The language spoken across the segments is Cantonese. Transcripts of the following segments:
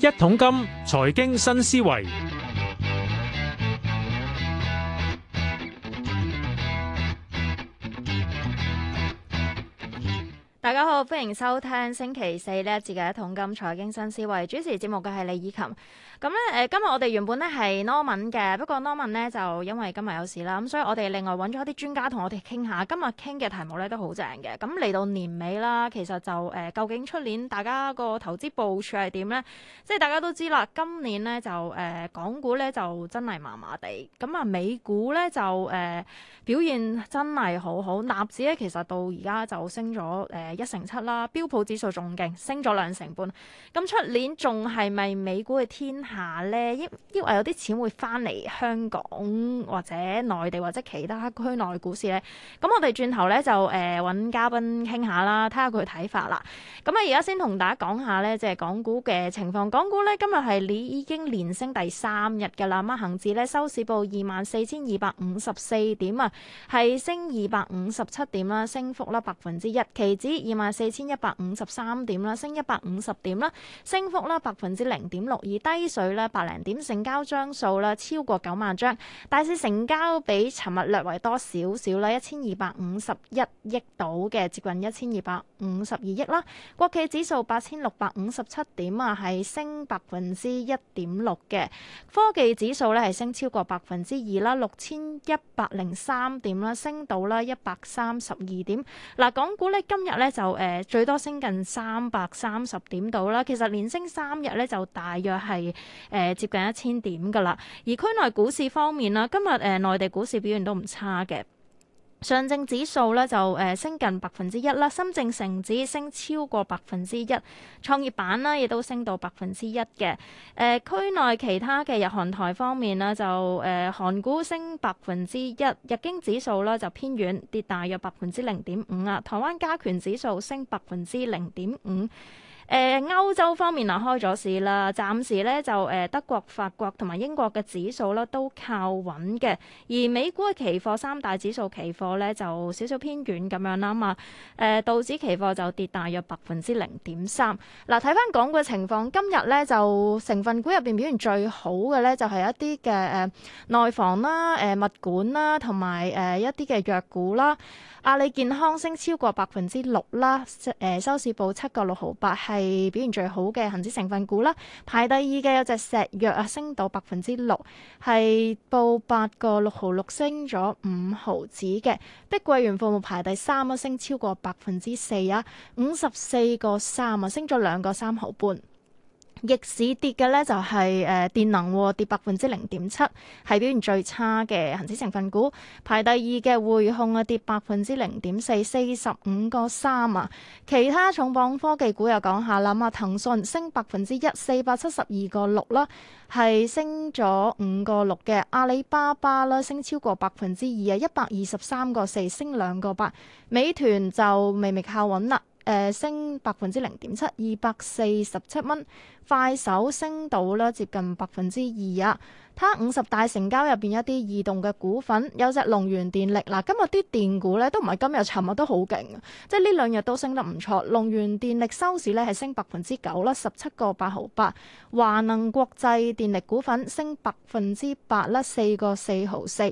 一桶金，財經新思維。大家好，歡迎收聽星期四呢一節嘅《一桶金財經新思維》主持節目嘅係李以琴。咁、嗯、咧，誒今日我哋原本咧係 Norman 嘅，不過 Norman 咧就因為今日有事啦，咁所以我哋另外搵咗一啲專家同我哋傾下。今日傾嘅題目咧都好正嘅。咁、嗯、嚟到年尾啦，其實就誒、呃、究竟出年大家個投資部署係點咧？即係大家都知啦，今年呢就誒、呃、港股咧就真係麻麻地，咁、嗯、啊美股咧就誒、呃、表現真係好好。納指咧其實到而家就升咗誒、呃一成七啦，標普指數仲勁，升咗兩成半。咁出年仲係咪美股嘅天下呢？抑抑或有啲錢會翻嚟香港或者內地或者其他區內股市呢？咁我哋轉頭呢，就誒搵嘉賓傾下啦，睇下佢嘅睇法啦。咁啊，而家先同大家講下呢，即係港股嘅情況。港股呢，今日係你已經連升第三日㗎啦。咁啊，恆指呢收市報二萬四千二百五十四點啊，係升二百五十七點啦，升幅啦百分之一。期指，二萬四千一百五十三點啦，升一百五十點啦，升幅啦百分之零點六，而低水咧百零點，成交張數咧超過九萬張，大市成交比尋日略為多少少啦，一千二百五十一億到嘅，接近一千二百五十二億啦。國企指數八千六百五十七點啊，係升百分之一點六嘅。科技指數咧係升超過百分之二啦，六千一百零三點啦，升到啦一百三十二點。嗱、啊，港股咧今日咧就。就誒最多升近三百三十點度啦，其實連升三日咧就大約係誒接近一千點㗎喇。而區內股市方面啦，今日誒內地股市表現都唔差嘅。上證指數咧就誒升近百分之一啦，深證成指升超過百分之一，創業板咧亦都升到百分之一嘅。誒、呃、區內其他嘅日韓台方面咧就誒、呃、韓股升百分之一，日經指數咧就偏軟跌大約百分之零點五啊，台灣加權指數升百分之零點五。誒、呃、歐洲方面啊，開咗市啦。暫時咧就誒德國、法國同埋英國嘅指數咧都靠穩嘅。而美股嘅期貨三大指數期貨咧就少少偏軟咁樣啦嘛。誒、呃、道指期貨就跌大約百分之零點三。嗱，睇翻港股嘅情況，今日咧就成分股入邊表現最好嘅咧就係、是、一啲嘅誒內房啦、誒、呃、物管啦同埋誒一啲嘅藥股啦。阿里健康升超過百分之六啦，誒、呃、收市報七個六毫八係。係表現最好嘅恆指成分股啦。排第二嘅有隻石藥啊，升到百分之六，係報八個六毫六，升咗五毫子嘅。碧桂園服務排第三，啊，升超過百分之四啊，五十四個三啊，升咗兩個三毫半。逆市跌嘅咧就係誒電能跌百分之零點七，係表現最差嘅恆指成分股。排第二嘅匯控啊跌百分之零點四，四十五個三啊。其他重磅科技股又講下啦。啊，騰訊升百分之一，四百七十二個六啦，係升咗五個六嘅。阿里巴巴啦升超過百分之二啊，一百二十三個四，升兩個八。美團就微微靠穩啦。升百分之零點七，二百四十七蚊。快手升到咧接近百分之二啊。睇下五十大成交入邊一啲異動嘅股份，有隻龍源電力嗱，今日啲電股咧都唔係今日，尋日都好勁，即係呢兩日都升得唔錯。龍源電力收市咧係升百分之九啦，十七個八毫八。華能國際電力股份升百分之八啦，四個四毫四。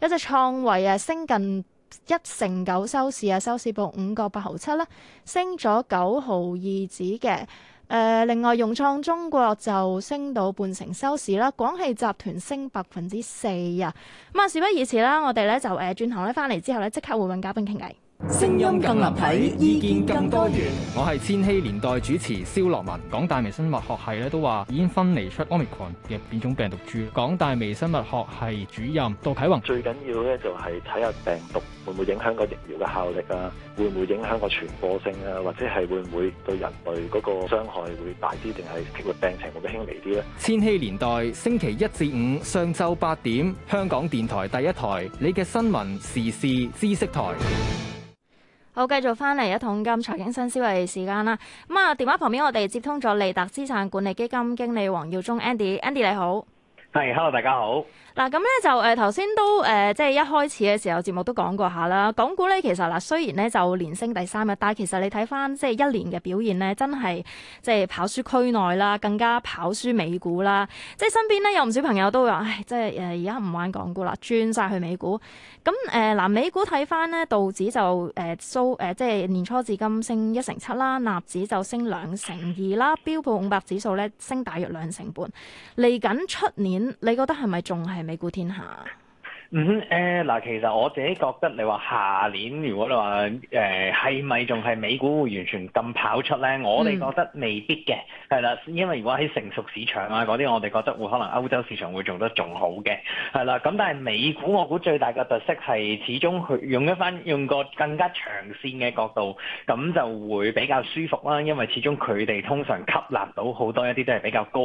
有隻創維誒，升近。一成九收市啊，收市報五個八毫七啦，升咗九毫二指嘅。誒、呃，另外融創中國就升到半成收市啦，廣汽集團升百分之四啊。咁、嗯、啊，事不宜遲啦，我哋咧就誒轉行咧翻嚟之後咧，即刻會揾嘉賓傾偈。聲音更立體，意見更多元。我係千禧年代主持蕭樂文。港大微生物學系咧都話已經分離出 omicron 嘅變種病毒株。港大微生物學系主任杜啟宏，最緊要咧就係睇下病毒會唔會影響個疫苗嘅效力啊？會唔會影響個傳播性啊？或者係會唔會對人類嗰個傷害會大啲，定係會病情會唔會輕微啲咧？千禧年代星期一至五上晝八點，香港電台第一台你嘅新聞時事知識台。好，繼續翻嚟一桶金財經新思維時間啦。咁、嗯、啊，電話旁邊我哋接通咗利達資產管理基金經理黃耀宗 And Andy，Andy 你好。hello 大家好。嗱、啊，咁咧、呃、就誒，頭先都誒、呃，即係一開始嘅時候節目都講過下啦。港股咧其實嗱，雖然咧就連升第三日，但係其實你睇翻即係一年嘅表現咧，真係即係跑輸區內啦，更加跑輸美股啦。即係身邊咧有唔少朋友都會話唉，即係誒而家唔玩港股啦，轉晒去美股。咁誒嗱，美股睇翻呢，道指就誒收誒，即係年初至今升一成七啦，納指就升兩成二啦，標普五百指數咧升大約兩成半。嚟緊出年。你覺得係咪仲係美股天下啊？嗯，誒嗱，其實我自己覺得，你話下年如果你話誒係咪仲係美股會完全咁跑出咧？我哋覺得未必嘅，係啦，因為如果喺成熟市場啊嗰啲，我哋覺得會可能歐洲市場會做得仲好嘅，係啦。咁但係美股我估最大嘅特色係始終去用一翻用個更加長線嘅角度，咁就會比較舒服啦。因為始終佢哋通常吸納到好多一啲都係比較高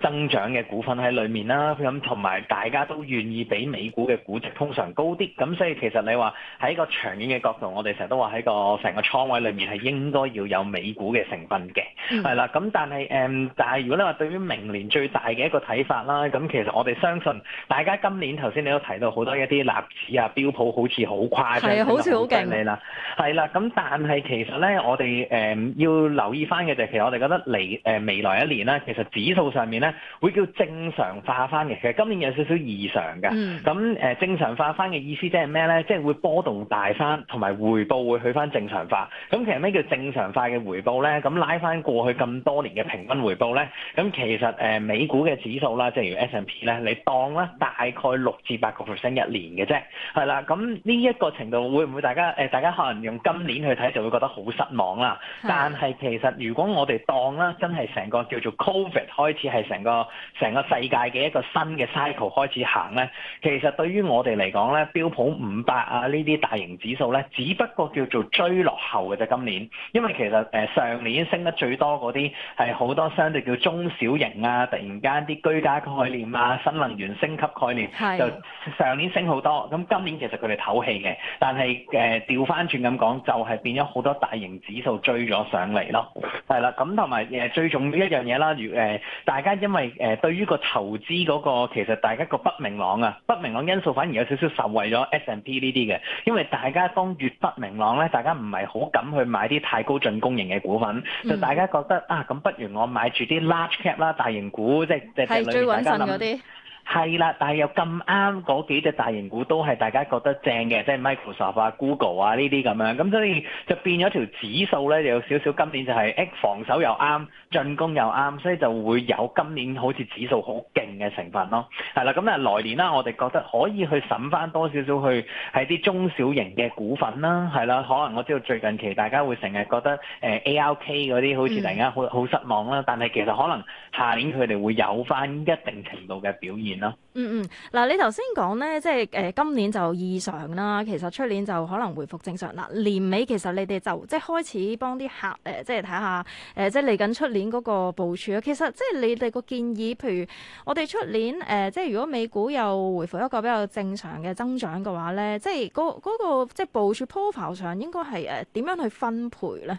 增長嘅股份喺裏面啦。咁同埋大家都願意俾美股嘅，估值通常高啲，咁所以其實你話喺個長遠嘅角度，我哋成日都話喺個成個倉位裏面係應該要有美股嘅成分嘅，係啦、嗯。咁但係，誒，但係、嗯、如果你話對於明年最大嘅一個睇法啦，咁其實我哋相信大家今年頭先你都提到好多一啲納指啊、標普好似好誇張，好似好勁你啦，係啦。咁但係其實咧，我哋誒、嗯、要留意翻嘅就係其實我哋覺得嚟誒、呃、未來一年啦，其實指數上面咧會叫正常化翻嘅。其實今年有少少異常嘅，咁誒、嗯。嗯正常化翻嘅意思即係咩咧？即係會波動大翻，同埋回報會去翻正常化。咁其實咩叫正常化嘅回報咧？咁拉翻過去咁多年嘅平均回報咧？咁其實誒美股嘅指數啦，即係如 S&P 咧，你當啦大概六至八個 percent 一年嘅啫。係啦，咁呢一個程度會唔會大家誒？大家可能用今年去睇就會覺得好失望啦。的但係其實如果我哋當啦，真係成個叫做 COVID 開始係成個成個世界嘅一個新嘅 cycle 開始行咧，其實對於於我哋嚟講咧，標普五百啊，呢啲大型指數咧，只不過叫做追落後嘅啫。今年，因為其實誒、呃、上年升得最多嗰啲係好多相對叫中小型啊，突然間啲居家概念啊、新能源升級概念，的就上年升好多。咁今年其實佢哋唞氣嘅，但係誒掉返轉咁講，就係、是、變咗好多大型指數追咗上嚟咯。係啦，咁同埋最重要一樣嘢啦。如、呃、誒大家因為誒、呃、對於個投資嗰、那個其實大家個不明朗啊，不明朗因素反而有少少受惠咗 S&P 呢啲嘅，因為大家當月不明朗咧，大家唔係好敢去買啲太高進攻型嘅股份，嗯、就大家覺得啊，咁不如我買住啲 large cap 啦，大型股，即係即係裏面大家諗。係啦，但係又咁啱嗰幾隻大型股都係大家覺得正嘅，即係 Microsoft 啊、Google 啊呢啲咁樣，咁所以就變咗條指數咧就有少少今年就係誒防守又啱，進攻又啱，所以就會有今年好似指數好勁嘅成分咯。係啦，咁啊來年啦、啊，我哋覺得可以去審翻多少少去喺啲中小型嘅股份啦，係啦，可能我知道最近期大家會成日覺得誒 ARK 嗰啲好似突然間好好失望啦，但係其實可能下年佢哋會有翻一定程度嘅表現。嗯嗯，嗱、嗯，你頭先講咧，即係誒，今年就異常啦。其實出年就可能回復正常啦。年尾其實你哋就即係開始幫啲客誒，即係睇下誒，即係嚟緊出年嗰個部署啊。其實即係你哋個建議，譬如我哋出年誒，即係如果美股又回復一個比較正常嘅增長嘅話咧，即係嗰嗰個、那個、即係部署 proposal 上應該係誒點樣去分配咧？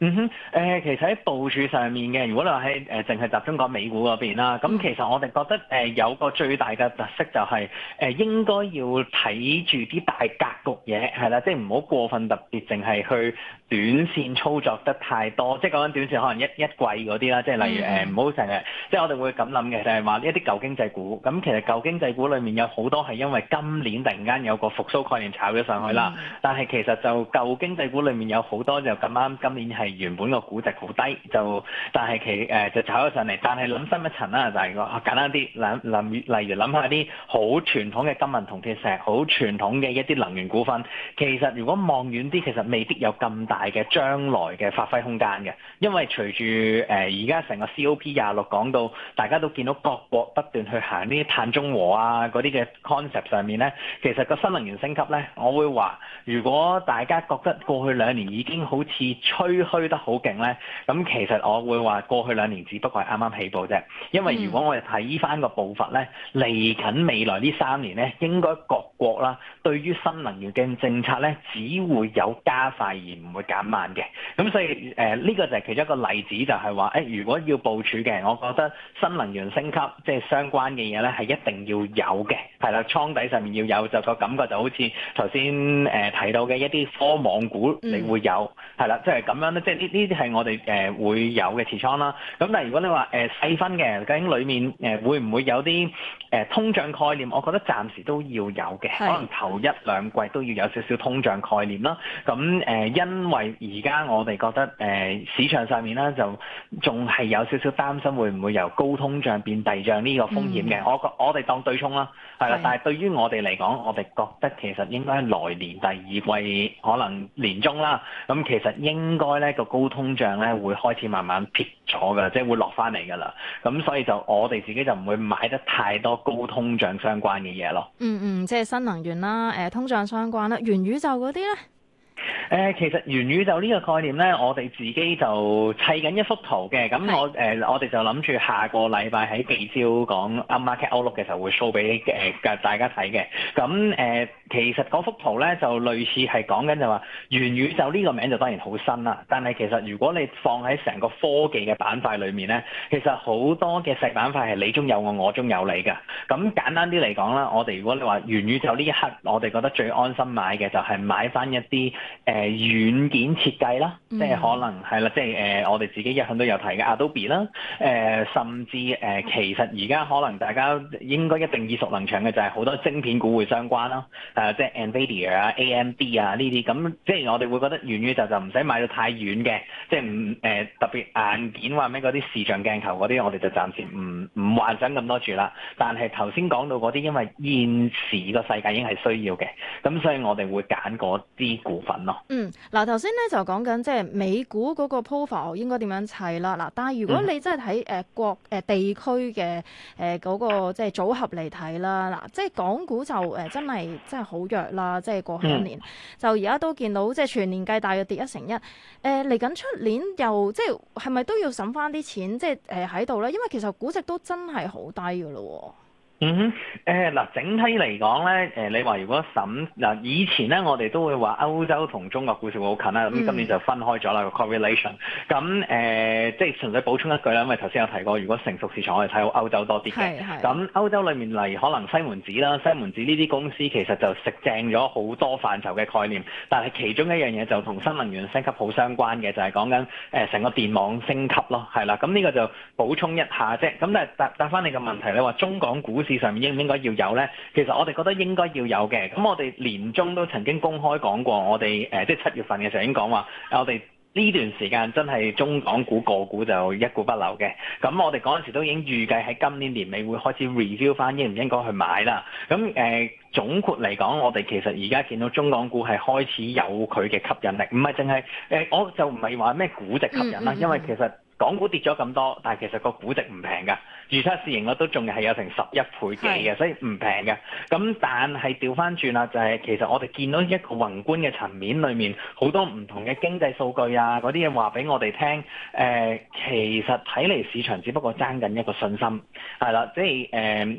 嗯哼，誒、呃、其實喺部署上面嘅，如果你話係誒淨係集中講美股嗰邊啦，咁、嗯嗯、哼其實我哋覺得誒、呃、有個最大嘅特色就係、是、誒、呃、應該要睇住啲大格局嘢，係啦，即係唔好過分特別，淨係去短線操作得太多，即係講緊短線可能一一季嗰啲啦，即係例如誒唔好成日，即係我哋會咁諗嘅，就係、是、話一啲舊經濟股，咁其實舊經濟股裡面有好多係因為今年突然間有個復甦概念炒咗上去啦，嗯、哼但係其實就舊經濟股裡面有好多就咁啱今年係。原本個估值好低，就但係佢誒就炒咗上嚟。但係諗、呃、深一層啦，大哥簡單啲諗，例如諗下啲好傳統嘅金銀銅鐵石，好傳統嘅一啲能源股份。其實如果望遠啲，其實未必有咁大嘅將來嘅發揮空間嘅，因為隨住誒而家成個 COP 廿六講到，大家都見到各國不斷去行啲碳中和啊嗰啲嘅 concept 上面呢。其實個新能源升級呢，我會話如果大家覺得過去兩年已經好似吹推得好勁咧，咁其實我會話過去兩年只不過係啱啱起步啫。因為如果我哋睇翻個步伐咧，嚟緊未來呢三年咧，應該各國啦對於新能源嘅政策咧，只會有加快而唔會減慢嘅。咁所以誒，呢個就係其中一個例子，就係話誒，如果要部署嘅，我覺得新能源升級即係相關嘅嘢咧，係一定要有嘅，係啦，倉底上面要有，就個感覺就好似頭先誒提到嘅一啲科網股，你會有係啦，即係咁樣咧。即係呢呢啲係我哋誒、呃、會有嘅持倉啦。咁但係如果你話誒、呃、細分嘅，究竟裡面誒、呃、會唔會有啲誒、呃、通脹概念？我覺得暫時都要有嘅，是可能頭一兩季都要有少少通脹概念啦。咁誒、呃，因為而家我哋覺得誒、呃、市場上面啦，就仲係有少少擔心會唔會由高通脹變低脹呢個風險嘅、嗯。我我我哋當對沖啦，係啦。是但係對於我哋嚟講，我哋覺得其實應該係來年第二季可能年中啦。咁其實應該咧。個高通脹咧會開始慢慢撇咗噶，即係會落翻嚟噶啦。咁所以就我哋自己就唔會買得太多高通脹相關嘅嘢咯。嗯嗯，即係新能源啦，誒，通脹相關啦，元宇宙嗰啲咧。.誒、呃，其實元宇宙呢個概念呢，我哋自己就砌緊一幅圖嘅。咁我誒的、呃，我哋就諗住下個禮拜喺地招講阿 Mark 嘅歐陸嘅時候會 show 俾誒大家睇嘅。咁、嗯、誒、嗯嗯，其實嗰幅圖呢，就類似係講緊就話元宇宙呢個名就當然好新啦、啊。但係其實如果你放喺成個科技嘅板塊裏面呢，其實好多嘅細板塊係你中有我，我中有你噶。咁簡單啲嚟講啦，我哋如果你話元宇宙呢一刻，我哋覺得最安心買嘅就係買翻一啲。誒軟、呃、件設計啦、嗯、啦，即係可能係啦，即係誒我哋自己一向都有提嘅 Adobe 啦，誒、呃、甚至誒、呃、其實而家可能大家應該一定耳熟能詳嘅就係好多晶片股會相關啦，誒、啊、即係 NVIDIA 啊、AMD 啊呢啲，咁、嗯、即係我哋會覺得元宇宙就就唔使買到太遠嘅，即係唔誒特別硬件話咩嗰啲視像鏡頭嗰啲，我哋就暫時唔唔幻想咁多住啦。但係頭先講到嗰啲，因為現時個世界已經係需要嘅，咁所以我哋會揀嗰啲股份。嗯，嗱，頭先咧就講緊即係美股嗰個 portfolio 應該點樣砌啦。嗱，但係如果你真係睇誒國誒地區嘅誒嗰個、呃、即係組合嚟睇啦，嗱，即係港股就誒真係真係好弱啦。即係過去一年、嗯、就而家都見到即係全年計大約跌一成一誒，嚟緊出年又即係係咪都要審翻啲錢即係誒喺度咧？因為其實估值都真係好低噶啦、哦。嗯哼，誒、呃、嗱，整體嚟講咧，誒、呃、你話如果審嗱、呃、以前咧，我哋都會話歐洲同中國股市會好近啦，咁今年就分開咗啦個 correlation。咁誒、嗯呃，即係純粹補充一句啦，因為頭先有提過，如果成熟市場我哋睇好歐洲多啲嘅。係係。咁歐洲裏面例如可能西門子啦，西門子呢啲公司其實就食正咗好多範疇嘅概念，但係其中一樣嘢就同新能源升級好相關嘅，就係、是、講緊誒成個電網升級咯，係、嗯、啦。咁呢個就補充一下啫。咁但係答答翻你個問題，你話中港股市上面應唔應該要有呢？其實我哋覺得應該要有嘅。咁我哋年中都曾經公開講過，我哋誒、呃、即係七月份嘅時候已經講話、呃，我哋呢段時間真係中港股個股就一股不留嘅。咁我哋嗰陣時都已經預計喺今年年尾會開始 review 翻應唔應該去買啦。咁誒、呃、總括嚟講，我哋其實而家見到中港股係開始有佢嘅吸引力，唔係淨係誒我就唔係話咩估值吸引啦，因為其實港股跌咗咁多，但係其實個估值唔平㗎。預測市盈率都仲係有成十一倍幾嘅，的所以唔平嘅。咁但係調翻轉啦，就係、是、其實我哋見到一個宏觀嘅層面裏面，好多唔同嘅經濟數據啊，嗰啲嘢話俾我哋聽。誒、呃，其實睇嚟市場只不過爭緊一個信心，係啦，即係誒。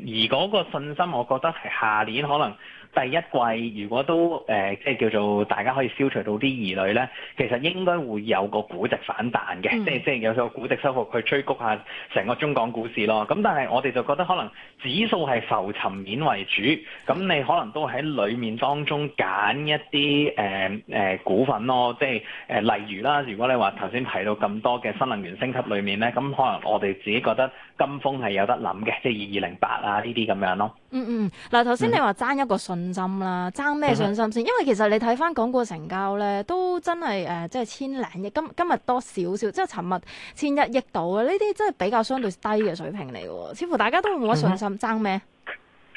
而嗰個信心，我覺得係下年可能第一季，如果都誒、呃，即係叫做大家可以消除到啲疑慮咧，其實應該會有個估值反彈嘅，嗯、即係即係有個估值收復去催谷下成個中港股市咯。咁但係我哋就覺得可能指數係浮沉面為主，咁你可能都喺裡面當中揀一啲誒誒股份咯，即係誒、呃、例如啦，如果你話頭先提到咁多嘅新能源升級裏面咧，咁可能我哋自己覺得金風係有得諗嘅，即係二二零八啊呢啲咁樣咯。嗯嗯，嗱頭先你話爭一個信心啦，爭咩、嗯、信心先？因為其實你睇翻港股成交咧，都真係誒、呃、即係千零億，今今日多少少，即係尋日、千一億度嘅，呢啲真係比較相對低嘅水平。似乎大家都冇乜信心，mm hmm. 爭咩？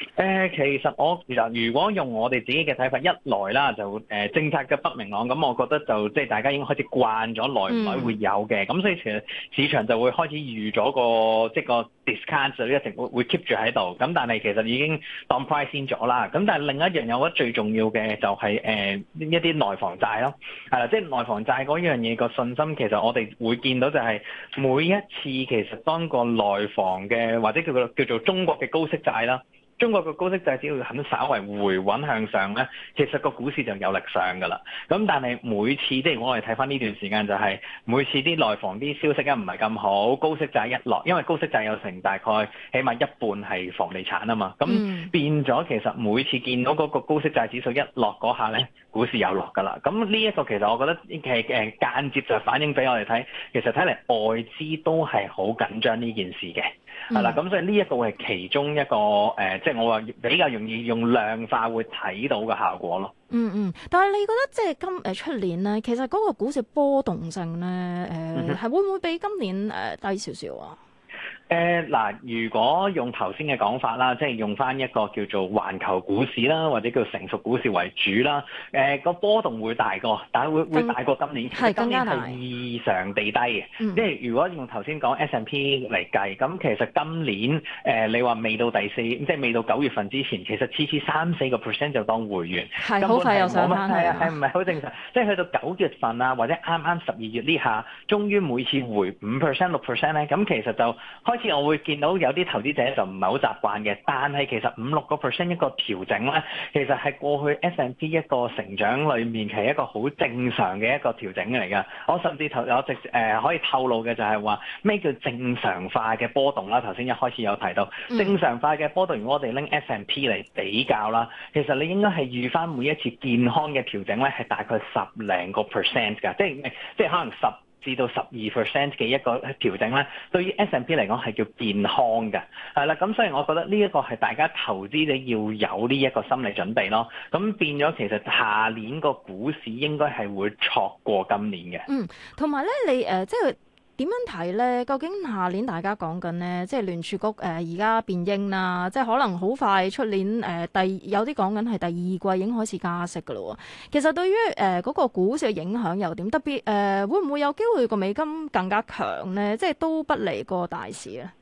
誒、呃，其實我其實如果用我哋自己嘅睇法，一來啦就誒、呃、政策嘅不明朗，咁我覺得就即係大家已經開始慣咗，來唔來會有嘅，咁、嗯、所以市市場就會開始預咗個即係個 discount 就一定會會 keep 住喺度。咁但係其實已經當 price 先咗啦。咁但係另一樣嘢，我覺得最重要嘅就係、是、誒、呃、一啲內房債咯，係啦，即、就、係、是、內房債嗰樣嘢個信心，其實我哋會見到就係每一次其實當個內房嘅或者叫做叫做中國嘅高息債啦。中國個高息債指要很稍微回穩向上咧，其實個股市就有力上噶啦。咁但係每次，即係如果我哋睇翻呢段時間就係、是、每次啲內房啲消息呀唔係咁好，高息債一落，因為高息債有成大概起碼一半係房地產啊嘛。咁變咗其實每次見到嗰個高息債指數一落嗰下咧，股市又落噶啦。咁呢一個其實我覺得，其實誒間接就反映俾我哋睇，其實睇嚟外資都係好緊張呢件事嘅。係啦，咁所以呢一個係其中一個誒，即係我話比較容易用量化會睇到嘅效果咯。嗯嗯，但係你覺得即係今誒出年咧，其實嗰個股市波動性咧，誒、呃、係、嗯、哼會唔會比今年誒、呃、低少少啊？誒嗱，如果用頭先嘅講法啦，即係用翻一個叫做環球股市啦，或者叫成熟股市為主啦。誒、呃、個波動會大過，但係會更會大過今年。係今年係異常地低嘅。嗯、即係如果用頭先講 S&P 嚟計，咁其實今年誒、呃、你話未到第四，即係未到九月份之前，其實次次三四個 percent 就當回完。係好是快又上翻去。啊，係唔係好正常？的即係去到九月份啊，或者啱啱十二月呢下，終於每次回五 percent 六 percent 咧，咁、嗯、其實就開。先我會見到有啲投資者就唔係好習慣嘅，但係其實五六個 percent 一個調整咧，其實係過去 S&P 一個成長裡面，其實係一個好正常嘅一個調整嚟㗎。我甚至頭有直誒、呃、可以透露嘅就係話咩叫正常化嘅波動啦。頭先一開始有提到正常化嘅波動，如果我哋拎 S&P 嚟比較啦，其實你應該係預翻每一次健康嘅調整咧，係大概十零個 percent 㗎，即係即係可能十。至到十二 percent 嘅一個調整咧，對於 S&P 嚟講係叫健康嘅，係啦，咁所以我覺得呢一個係大家投資者要有呢一個心理準備咯，咁變咗其實下年個股市應該係會錯過今年嘅。嗯，同埋咧，你誒、呃、即係。點樣睇咧？究竟下年大家講緊咧，即係聯儲局誒而家變鷹啦，即係可能好快出年誒第、呃、有啲講緊係第二季已經開始加息嘅啦。其實對於誒嗰、呃嗰個股市嘅影響又點？特別誒、呃、會唔會有機會個美金更加強咧？即係都不離個大市啊！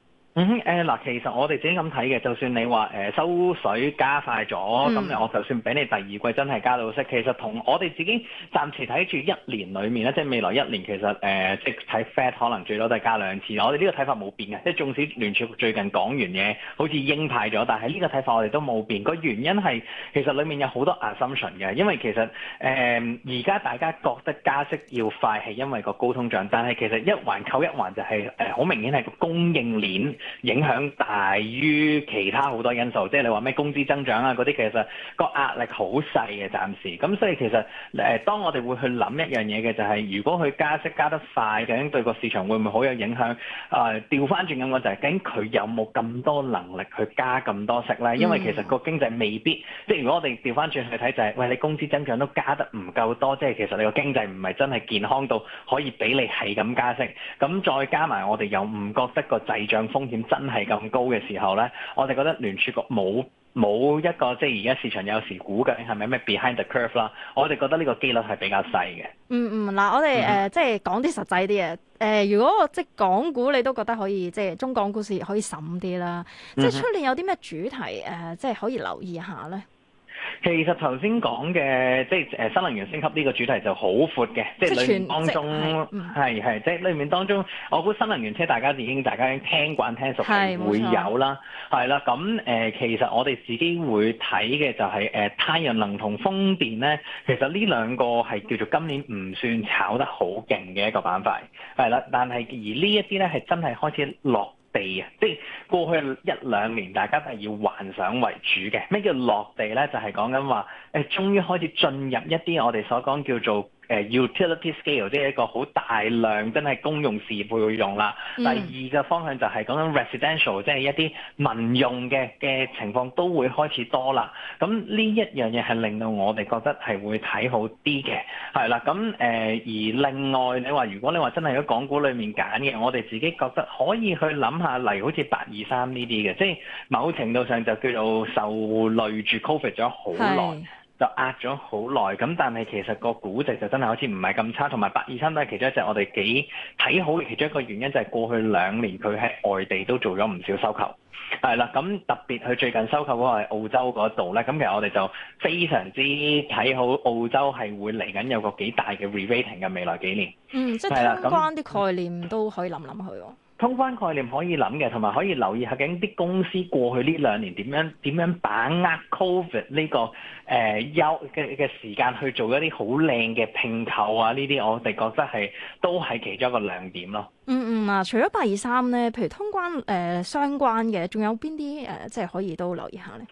嗯嗱，其實我哋自己咁睇嘅，就算你話誒收水加快咗，咁我、嗯、就算俾你第二季真係加到息，其實同我哋自己暫時睇住一年裏面咧，即係未來一年其實誒、呃、即係睇 Fed 可能最多都係加兩次，我哋呢個睇法冇變嘅，即係縱使聯儲最近講完嘢好似鷹派咗，但係呢個睇法我哋都冇變。個原因係其實裏面有好多 assumption 嘅，因為其實誒而家大家覺得加息要快係因為個高通脹，但係其實一環扣一環就係誒好明顯係個供應鏈。影響大於其他好多因素，即係你話咩工資增長啊嗰啲，其實個壓力好細嘅，暫時。咁所以其實誒、呃，當我哋會去諗一樣嘢嘅就係、是，如果佢加息加得快，究竟對個市場會唔會好有影響？誒、呃，調翻轉咁講就係、是，究竟佢有冇咁多能力去加咁多息咧？因為其實個經濟未必，嗯、即係如果我哋調翻轉去睇就係、是，喂，你工資增長都加得唔夠多，即係其實你個經濟唔係真係健康到可以俾你係咁加息。咁再加埋我哋又唔覺得個滯脹風險。真係咁高嘅時候咧，我哋覺得聯儲局冇冇一個即係而家市場有時估嘅係咪咩 behind the curve 啦？我哋覺得呢個機率係比較細嘅、嗯。嗯嗯，嗱、呃，我哋誒即係講啲實際啲嘅誒，如果即係港股你都覺得可以即係中港股市可以審啲啦，即係出年有啲咩主題誒、呃，即係可以留意下咧？其實頭先講嘅即係誒新能源升級呢個主題就好闊嘅，即係全裡面當中係係，即係是裡面當中，我估新能源車大家已經大家已經聽慣聽熟，係是會有啦，係啦錯。咁誒、呃，其實我哋自己會睇嘅就係、是、誒、呃、太陽能同風電咧。其實呢兩個係叫做今年唔算炒得好勁嘅一個板塊，係啦。但係而呢一啲咧係真係開始落地啊，即係過去一兩年大家都係以幻想為主嘅。咩叫落地咧？就係講緊話，誒，終於開始進入一啲我哋所講叫做。誒、uh, utility scale 即係一個好大量真係公用事業會用啦。嗯、第二嘅方向就係講緊 residential，即係一啲民用嘅嘅情況都會開始多啦。咁呢一樣嘢係令到我哋覺得係會睇好啲嘅，係啦。咁誒、呃、而另外你話如果你話真係喺港股裡面揀嘅，我哋自己覺得可以去諗下例如好似八二三呢啲嘅，即係、就是、某程度上就叫做受累住 COVID 咗好耐。就壓咗好耐，咁但係其實個估值就真係好似唔係咁差，同埋八二三都係其中一隻我哋幾睇好嘅，其中一個原因就係過去兩年佢喺外地都做咗唔少收購，係啦，咁特別佢最近收購嗰個係澳洲嗰度咧，咁其實我哋就非常之睇好澳洲係會嚟緊有個幾大嘅 re-rating 嘅未來幾年。嗯，即係相關啲概念都可以諗諗佢喎。通關概念可以諗嘅，同埋可以留意下究竟啲公司過去呢兩年點樣點樣把握 Covid 呢個誒休嘅嘅時間去做一啲好靚嘅拼購啊！呢啲我哋覺得係都係其中一個亮點咯。嗯嗯啊，除咗八二三咧，譬如通關誒、呃、相關嘅，仲有邊啲誒即係可以都留意下咧？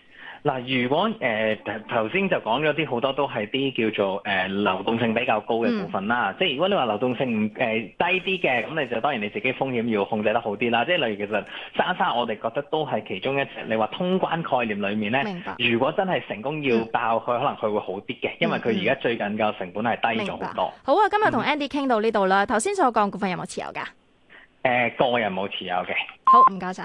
嗱，如果誒頭先就講咗啲好多都係啲叫做誒、呃、流動性比較高嘅部分啦，嗯、即係如果你話流動性唔、呃、低啲嘅，咁你就當然你自己風險要控制得好啲啦。即係例如其實莎莎，生生我哋覺得都係其中一，你話通關概念裡面咧，明白如果真係成功要爆佢，嗯、可能佢會好啲嘅，因為佢而家最近嘅成本係低咗好多、嗯嗯。好啊，今日同 Andy 傾到呢度啦。頭先、嗯、所講股份有冇持有㗎？誒、呃，個人冇持有嘅。好，唔該晒。